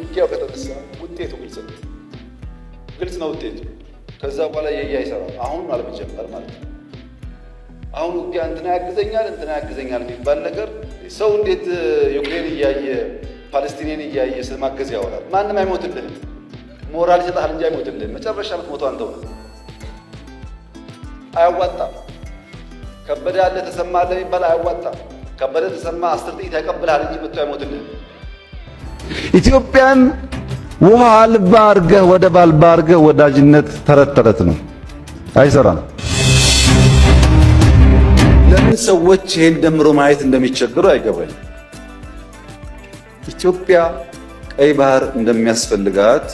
ውጊያው ከተነሳ ውጤቱ ግልጽ ነው። ግልጽ ነው ውጤቱ። ከዛ በኋላ የየ አይሰራም። አሁን አለመጀመር ማለት ነው። አሁን ውጊያ እንትና ያግዘኛል እንትና ያግዘኛል የሚባል ነገር ሰው እንዴት ዩክሬን እያየ ፓለስቲኒን እያየ ስለማገዝ ያወራል? ማንም አይሞትልህም። ሞራል ይሰጥሃል እንጂ አይሞትልህም። መጨረሻ ምትሞተው አንተው ነው። አያዋጣም። ከበደ ያለ ተሰማ አለ የሚባል አያዋጣም። ከበደ ተሰማ አስር ጥይት ያቀብልሃል እንጂ መጥቶ አይሞትልህም። ኢትዮጵያን ውሃ አልባ አርገ ወደ ባልባ አድርገህ ወዳጅነት ተረት ተረት ነው፣ አይሰራም። ለምን ሰዎች ይሄን ደምሮ ማየት እንደሚቸገሩ አይገባኝ። ኢትዮጵያ ቀይ ባህር እንደሚያስፈልጋት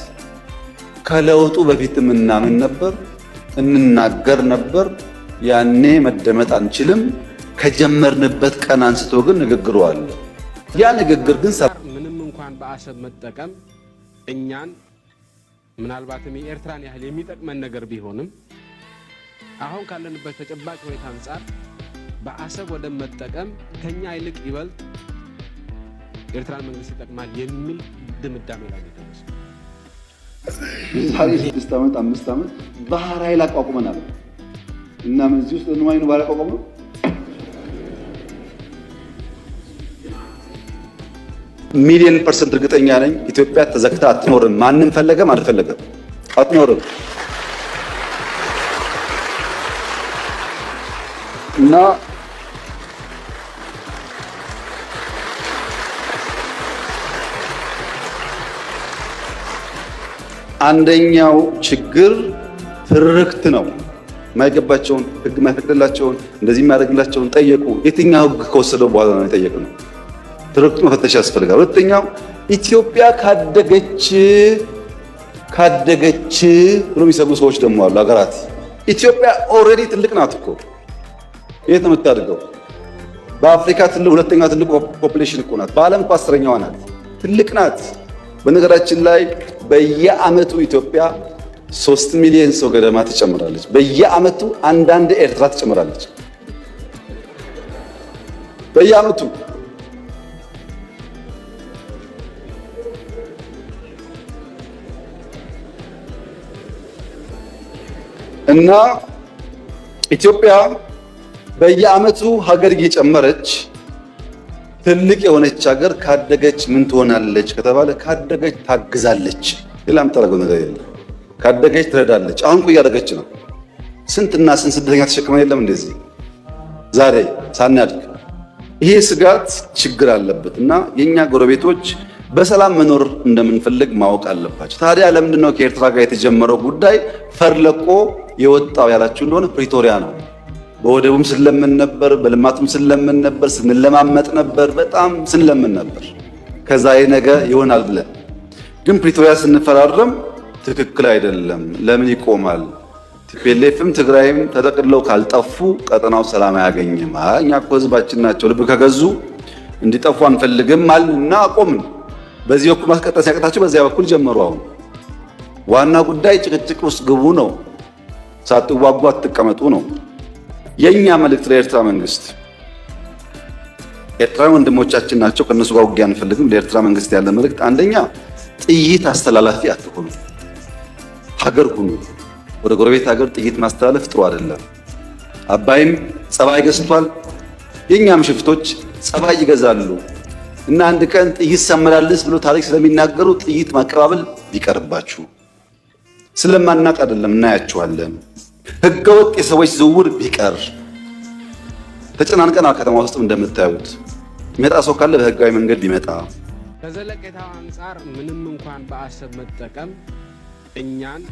ከለውጡ በፊት ምናምን ነበር እንናገር ነበር። ያኔ መደመጥ አንችልም። ከጀመርንበት ቀን አንስቶ ግን ንግግሩ አለ። ያ ንግግር ግን ኤርትራን በአሰብ መጠቀም እኛን ምናልባትም የኤርትራን ያህል የሚጠቅመን ነገር ቢሆንም አሁን ካለንበት ተጨባጭ ሁኔታ አንጻር በአሰብ ወደ መጠቀም ከኛ ይልቅ ይበልጥ ኤርትራን መንግስት ይጠቅማል የሚል ድምዳሜ ላይ ደረሰ። ሳቤ ስድስት ዓመት አምስት ዓመት ባህር ኃይል አቋቁመን አለ እና ምን እዚህ ውስጥ ንማይኑ ነው ባህር አቋቁመን ሚሊዮን ፐርሰንት እርግጠኛ ነኝ ኢትዮጵያ ተዘግታ አትኖርም። ማንም ፈለገም አልፈለገም አትኖርም። እና አንደኛው ችግር ትርክት ነው። የማይገባቸውን ህግ የማይፈቅድላቸውን እንደዚህ የሚያደርግላቸውን ጠየቁ። የትኛው ህግ ከወሰደው በኋላ ነው የጠየቅነው? ትርክት መፈተሽ ያስፈልጋል። ሁለተኛው ኢትዮጵያ ካደገች ካደገች ብሎ የሚሰጉ ሰዎች ደግሞ አሉ። ሀገራት ኢትዮጵያ ኦልሬዲ ትልቅ ናት እኮ የት ነው የምታድገው? በአፍሪካ ትልቅ ሁለተኛ ትልቅ ፖፕሌሽን እኮ ናት። በዓለም እኮ አስረኛዋ ናት። ትልቅ ናት። በነገራችን ላይ በየአመቱ ኢትዮጵያ ሶስት ሚሊዮን ሰው ገደማ ትጨምራለች። በየአመቱ አንዳንድ ኤርትራ ትጨምራለች። በየአመቱ እና ኢትዮጵያ በየዓመቱ ሀገር እየጨመረች ትልቅ የሆነች ሀገር ካደገች ምን ትሆናለች ከተባለ ካደገች ታግዛለች። ሌላ የምታደርገው ነገር የለ። ካደገች ትረዳለች። አሁን እኮ እያደገች ነው። ስንትና ስንት ስደተኛ ተሸክመን የለም እንደዚህ ዛሬ ሳናድግ ይሄ ስጋት ችግር አለበት እና የእኛ ጎረቤቶች በሰላም መኖር እንደምንፈልግ ማወቅ አለባቸው። ታዲያ ለምንድን ነው ከኤርትራ ጋር የተጀመረው ጉዳይ ፈርለቆ የወጣው ያላችሁ እንደሆነ ፕሪቶሪያ ነው። በወደቡም ስንለምን ነበር፣ በልማቱም ስንለምን ነበር፣ ስንለማመጥ ነበር፣ በጣም ስንለምን ነበር። ከዛ ነገ ይሆናል ብለን ግን ፕሪቶሪያ ስንፈራረም ትክክል አይደለም፣ ለምን ይቆማል? ቲፔሌፍም ትግራይም ተጠቅለው ካልጠፉ ቀጠናው ሰላም አያገኝም። እኛ እኮ ህዝባችን ናቸው ልብ ከገዙ እንዲጠፉ አንፈልግም አልና አቆምን። በዚህ በኩል ማስቀጠል ሲያቀታቸው በዚያ በኩል ጀመሩ። አሁን ዋና ጉዳይ ጭቅጭቅ ውስጥ ግቡ ነው፣ ሳትዋጉ አትቀመጡ ነው። የእኛ መልእክት ለኤርትራ መንግስት፣ ኤርትራ ወንድሞቻችን ናቸው፣ ከእነሱ ጋር ውጊያ አንፈልግም። ለኤርትራ መንግስት ያለ መልእክት አንደኛ ጥይት አስተላላፊ አትሆኑ፣ ሀገር ሁኑ። ወደ ጎረቤት ሀገር ጥይት ማስተላለፍ ጥሩ አይደለም። አባይም ጸባይ ገዝቷል፣ የእኛም ሽፍቶች ጸባይ ይገዛሉ። እና አንድ ቀን ጥይት ሳመላልስ ብሎ ታሪክ ስለሚናገሩ ጥይት ማቀባበል ቢቀርባችሁ። ስለማናቅ አይደለም፣ እናያችኋለን። ህገወጥ የሰዎች ዝውውር ቢቀር ተጨናንቀና ከተማ ውስጥም እንደምታዩት የሚመጣ ሰው ካለ በህጋዊ መንገድ ቢመጣ ከዘለቄታው አንጻር ምንም እንኳን በአሰብ መጠቀም እኛን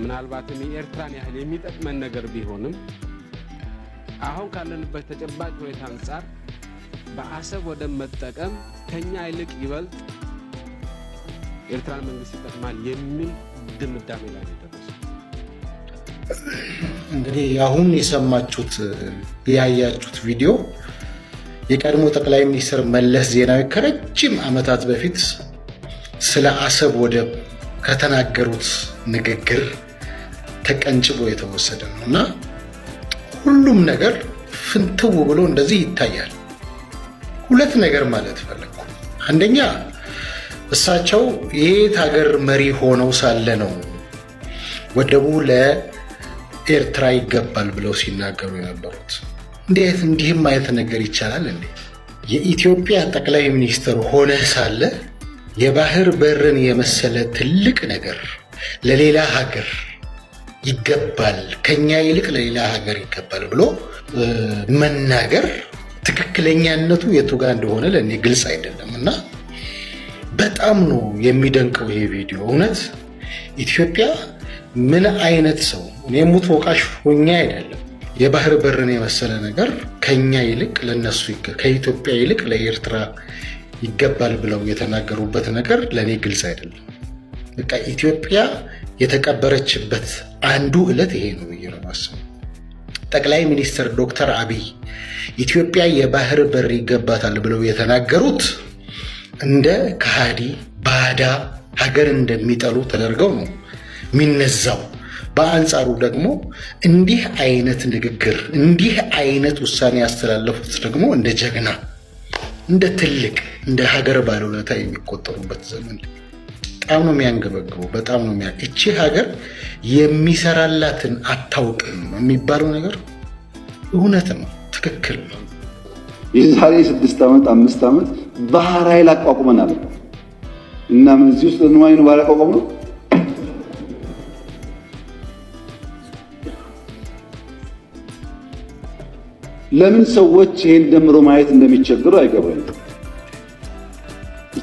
ምናልባትም የኤርትራን ያህል የሚጠቅመን ነገር ቢሆንም አሁን ካለንበት ተጨባጭ ሁኔታ አንጻር በአሰብ ወደብ መጠቀም ከኛ ይልቅ ይበልጥ ኤርትራን መንግስት ይጠቅማል የሚል ድምዳሜ ላይ ደረሱ። እንግዲህ አሁን የሰማችሁት ያያችሁት ቪዲዮ የቀድሞ ጠቅላይ ሚኒስትር መለስ ዜናዊ ከረጅም ዓመታት በፊት ስለ አሰብ ወደብ ከተናገሩት ንግግር ተቀንጭቦ የተወሰደ ነው እና ሁሉም ነገር ፍንትው ብሎ እንደዚህ ይታያል። ሁለት ነገር ማለት ፈለግኩ። አንደኛ እሳቸው የየት ሀገር መሪ ሆነው ሳለ ነው ወደቡ ለኤርትራ ይገባል ብለው ሲናገሩ የነበሩት? እንዴት እንዲህም አይነት ነገር ይቻላል እንዴ? የኢትዮጵያ ጠቅላይ ሚኒስትር ሆነ ሳለ የባህር በርን የመሰለ ትልቅ ነገር ለሌላ ሀገር ይገባል፣ ከኛ ይልቅ ለሌላ ሀገር ይገባል ብሎ መናገር ትክክለኛነቱ የቱ ጋር እንደሆነ ለእኔ ግልጽ አይደለም እና በጣም ነው የሚደንቀው ይሄ ቪዲዮ። እውነት ኢትዮጵያ ምን አይነት ሰው እኔ ሙት ወቃሽ ሆኜ አይደለም የባህር በርን የመሰለ ነገር ከኛ ይልቅ ለነሱ ከኢትዮጵያ ይልቅ ለኤርትራ ይገባል ብለው የተናገሩበት ነገር ለእኔ ግልጽ አይደለም። በቃ ኢትዮጵያ የተቀበረችበት አንዱ ዕለት ይሄ ነው ብዬ ነው የማስበው። ጠቅላይ ሚኒስትር ዶክተር አብይ ኢትዮጵያ የባህር በር ይገባታል ብለው የተናገሩት እንደ ከሃዲ ባዳ ሀገር እንደሚጠሉ ተደርገው ነው የሚነዛው። በአንጻሩ ደግሞ እንዲህ አይነት ንግግር እንዲህ አይነት ውሳኔ ያስተላለፉት ደግሞ እንደ ጀግና እንደ ትልቅ እንደ ሀገር ባለውለታ የሚቆጠሩበት ዘመን በጣም ነው የሚያንገበግበው። በጣም ነው የሚያ እቺ ሀገር የሚሰራላትን አታውቅም የሚባለው ነገር እውነት ነው፣ ትክክል ነው። የዛሬ ስድስት ዓመት አምስት ዓመት ባህር ኃይል አቋቁመናል እና ምን እዚህ ውስጥ ንዋይ ነው ባህር አቋቋም ነው ለምን ሰዎች ይሄን ደምሮ ማየት እንደሚቸግሩ አይገባኝም።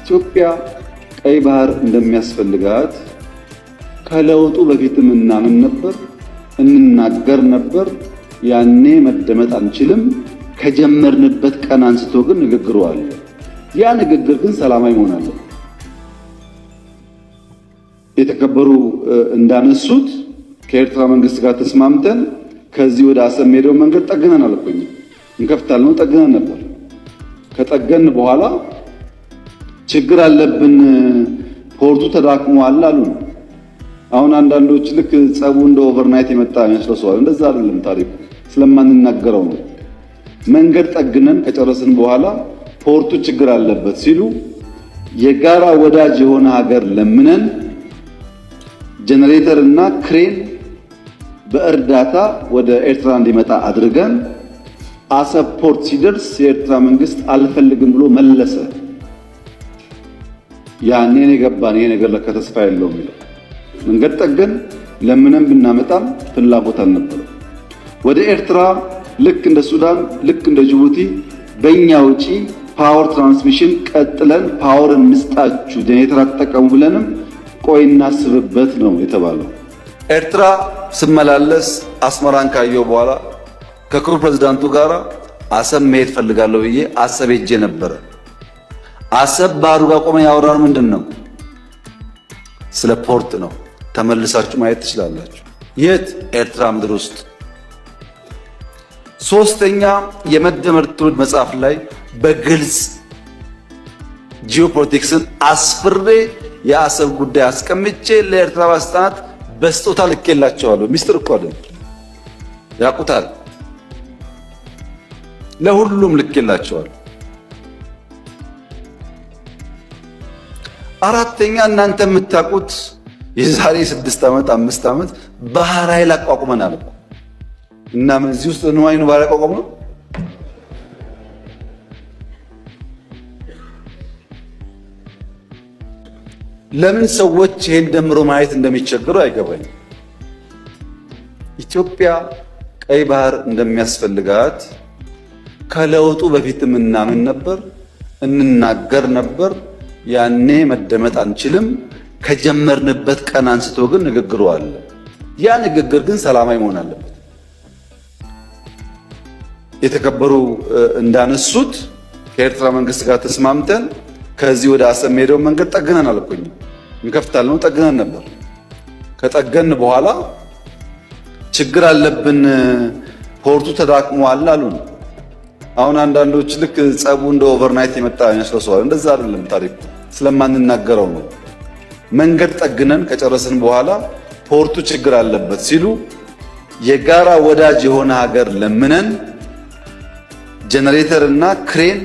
ኢትዮጵያ ቀይ ባህር እንደሚያስፈልጋት ከለውጡ በፊትም እናምን ነበር፣ እንናገር ነበር። ያኔ መደመጥ አንችልም። ከጀመርንበት ቀን አንስቶ ግን ንግግሩ አለ። ያ ንግግር ግን ሰላማዊ መሆን አለ። የተከበሩ እንዳነሱት ከኤርትራ መንግስት ጋር ተስማምተን ከዚህ ወደ አሰብ ሄደው መንገድ ጠግነን አልኩኝ እንከፍታል ነው ጠግነን ነበር። ከጠገን በኋላ ችግር አለብን፣ ፖርቱ ተዳክሟል አሉ። አሁን አንዳንዶች ልክ ጸቡ እንደ ኦቨርናይት የመጣ ይመስለው ሰው እንደዛ አይደለም። ታሪኩ ስለማንናገረው ነው። መንገድ ጠግነን ከጨረስን በኋላ ፖርቱ ችግር አለበት ሲሉ የጋራ ወዳጅ የሆነ ሀገር ለምነን ጄኔሬተር እና ክሬን በእርዳታ ወደ ኤርትራ እንዲመጣ አድርገን አሰብ ፖርት ሲደርስ የኤርትራ መንግስት አልፈልግም ብሎ መለሰ። ያኔን የገባን ይሄ ነገር ለካ ተስፋ ያለው የሚለው መንገድ ጠገን ለምንም ብናመጣም ፍላጎት አልነበረም። ወደ ኤርትራ ልክ እንደ ሱዳን ልክ እንደ ጅቡቲ በእኛ ውጪ ፓወር ትራንስሚሽን ቀጥለን ፓወር እንስጣችሁ ጄኔሬተር አትጠቀሙ ብለንም ቆይ እናስብበት ነው የተባለው። ኤርትራ ስመላለስ አስመራን ካየሁ በኋላ ከክቡር ፕሬዚዳንቱ ጋር አሰብ መሄድ ፈልጋለሁ ብዬ አሰብ ሄጄ ነበረ። አሰብ ባህሩ ጋር ቆመ ያወራን ምንድን ነው? ስለ ፖርት ነው። ተመልሳችሁ ማየት ትችላላችሁ። የት ኤርትራ ምድር ውስጥ ሶስተኛ የመደመር ትውልድ መጽሐፍ ላይ በግልጽ ጂኦፖለቲክስን አስፍሬ የአሰብ ጉዳይ አስቀምጬ ለኤርትራ ባለስልጣናት በስጦታ ልኬላቸዋለሁ። ሚስጥር እኮ አይደል? ያውቁታል። ለሁሉም ልኬላቸዋለሁ። አራተኛ እናንተ የምታውቁት የዛሬ ስድስት ዓመት አምስት ዓመት ባህር ኃይል አቋቁመናል እኮ እና ምን እዚህ ውስጥ ንዋይ ነው ባህር አቋቁም ነው። ለምን ሰዎች ይሄን ደምሮ ማየት እንደሚቸገሩ አይገባኝም። ኢትዮጵያ ቀይ ባህር እንደሚያስፈልጋት ከለውጡ በፊትም እናምን ነበር፣ እንናገር ነበር። ያኔ መደመጥ አንችልም። ከጀመርንበት ቀን አንስቶ ግን ንግግሩ አለ። ያ ንግግር ግን ሰላማዊ መሆን አለበት። የተከበሩ እንዳነሱት ከኤርትራ መንግስት ጋር ተስማምተን ከዚህ ወደ አሰብ ሄደው መንገድ ጠግነን አልኩኝ እንከፍታል ነው ጠግነን ነበር። ከጠገን በኋላ ችግር አለብን፣ ፖርቱ ተዳክሟል አሉን። አሁን አንዳንዶች ልክ ጸቡ እንደ ኦቨርናይት የመጣ ይመስለዋል። እንደዛ አይደለም ታሪኩ። ስለማንናገረው ነው። መንገድ ጠግነን ከጨረስን በኋላ ፖርቱ ችግር አለበት ሲሉ የጋራ ወዳጅ የሆነ ሀገር ለምነን ጄኔሬተር እና ክሬን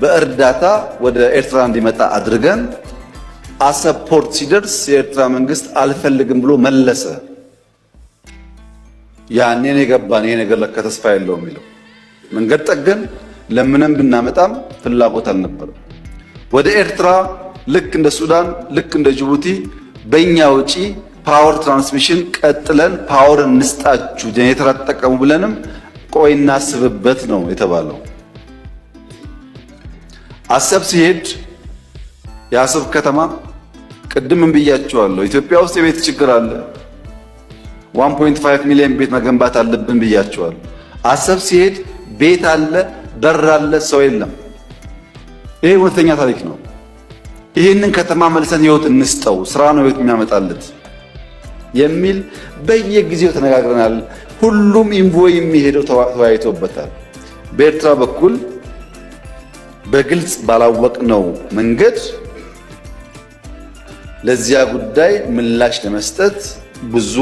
በእርዳታ ወደ ኤርትራ እንዲመጣ አድርገን አሰብ ፖርት ሲደርስ የኤርትራ መንግስት አልፈልግም ብሎ መለሰ። ያኔን የገባን ይሄ ነገር ለከ ተስፋ የለው የሚለው መንገድ ጠገን ለምነን ብናመጣም ፍላጎት አልነበረም። ወደ ኤርትራ ልክ እንደ ሱዳን ልክ እንደ ጅቡቲ በእኛ ውጪ ፓወር ትራንስሚሽን ቀጥለን ፓወር እንስጣችሁ ጄኔሬተር አትጠቀሙ ብለንም ቆይ እናስብበት ነው የተባለው። አሰብ ሲሄድ የአሰብ ከተማ ቅድምም ብያችኋለሁ፣ ኢትዮጵያ ውስጥ የቤት ችግር አለ። 1.5 ሚሊዮን ቤት መገንባት አለብን ብያችኋለሁ። አሰብ ሲሄድ ቤት አለ፣ በር አለ፣ ሰው የለም። ይሄ እውነተኛ ታሪክ ነው። ይህንን ከተማ መልሰን ህይወት እንስጠው፣ ስራ ነው ህይወት የሚያመጣለት የሚል በየጊዜው ተነጋግረናል። ሁሉም ኢንቮይ የሚሄደው ተወያይቶበታል። በኤርትራ በኩል በግልጽ ባላወቅነው መንገድ ለዚያ ጉዳይ ምላሽ ለመስጠት ብዙ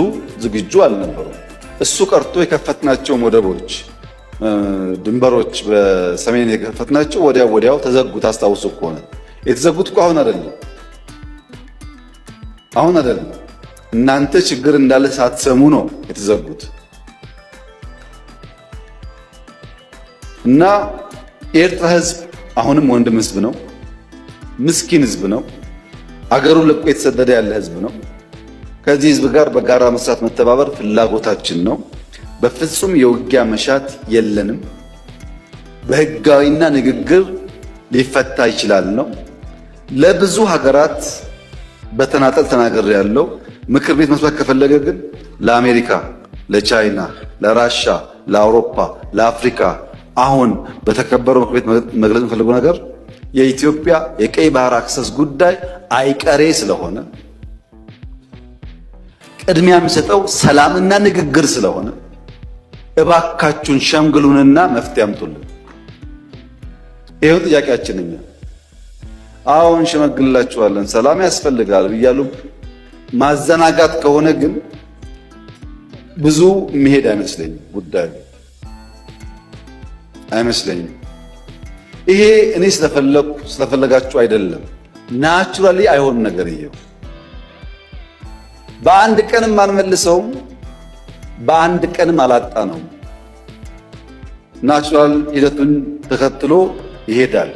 ዝግጁ አልነበሩም። እሱ ቀርቶ የከፈትናቸው ወደቦች ድንበሮች በሰሜን የከፈትናቸው ወዲያው ወዲያው ተዘጉ። ታስታውሱ ከሆነ የተዘጉት እኮ አሁን አይደለም አሁን አይደለም እናንተ ችግር እንዳለ ሳትሰሙ ነው የተዘጉት። እና የኤርትራ ህዝብ አሁንም ወንድም ህዝብ ነው፣ ምስኪን ህዝብ ነው፣ አገሩን ለቆ የተሰደደ ያለ ህዝብ ነው። ከዚህ ህዝብ ጋር በጋራ መስራት መተባበር ፍላጎታችን ነው። በፍጹም የውጊያ መሻት የለንም። በህጋዊና ንግግር ሊፈታ ይችላል ነው። ለብዙ ሀገራት በተናጠል ተናገር ያለው ምክር ቤት መስማት ከፈለገ ግን ለአሜሪካ፣ ለቻይና፣ ለራሻ፣ ለአውሮፓ፣ ለአፍሪካ አሁን በተከበረው ምክር ቤት መግለጽ የምፈልገው ነገር የኢትዮጵያ የቀይ ባህር አክሰስ ጉዳይ አይቀሬ ስለሆነ ቅድሚያ የሚሰጠው ሰላምና ንግግር ስለሆነ እባካችሁን ሸምግሉንና መፍትሄ አምጡልን። ይኸው ጥያቄያችን እኛ አሁን እንሸመግልላችኋለን፣ ሰላም ያስፈልጋል ብያሉ ማዘናጋት ከሆነ ግን ብዙ መሄድ አይመስለኝም ጉዳዩ አይመስለኝም። ይሄ እኔ ስለፈለግኩ ስለፈለጋችሁ አይደለም። ናቹራሊ አይሆንም ነገርየው በአንድ ቀን ማንመልሰውም። በአንድ ቀንም አላጣ ነው። ናቹራል ሂደቱን ተከትሎ ይሄዳል።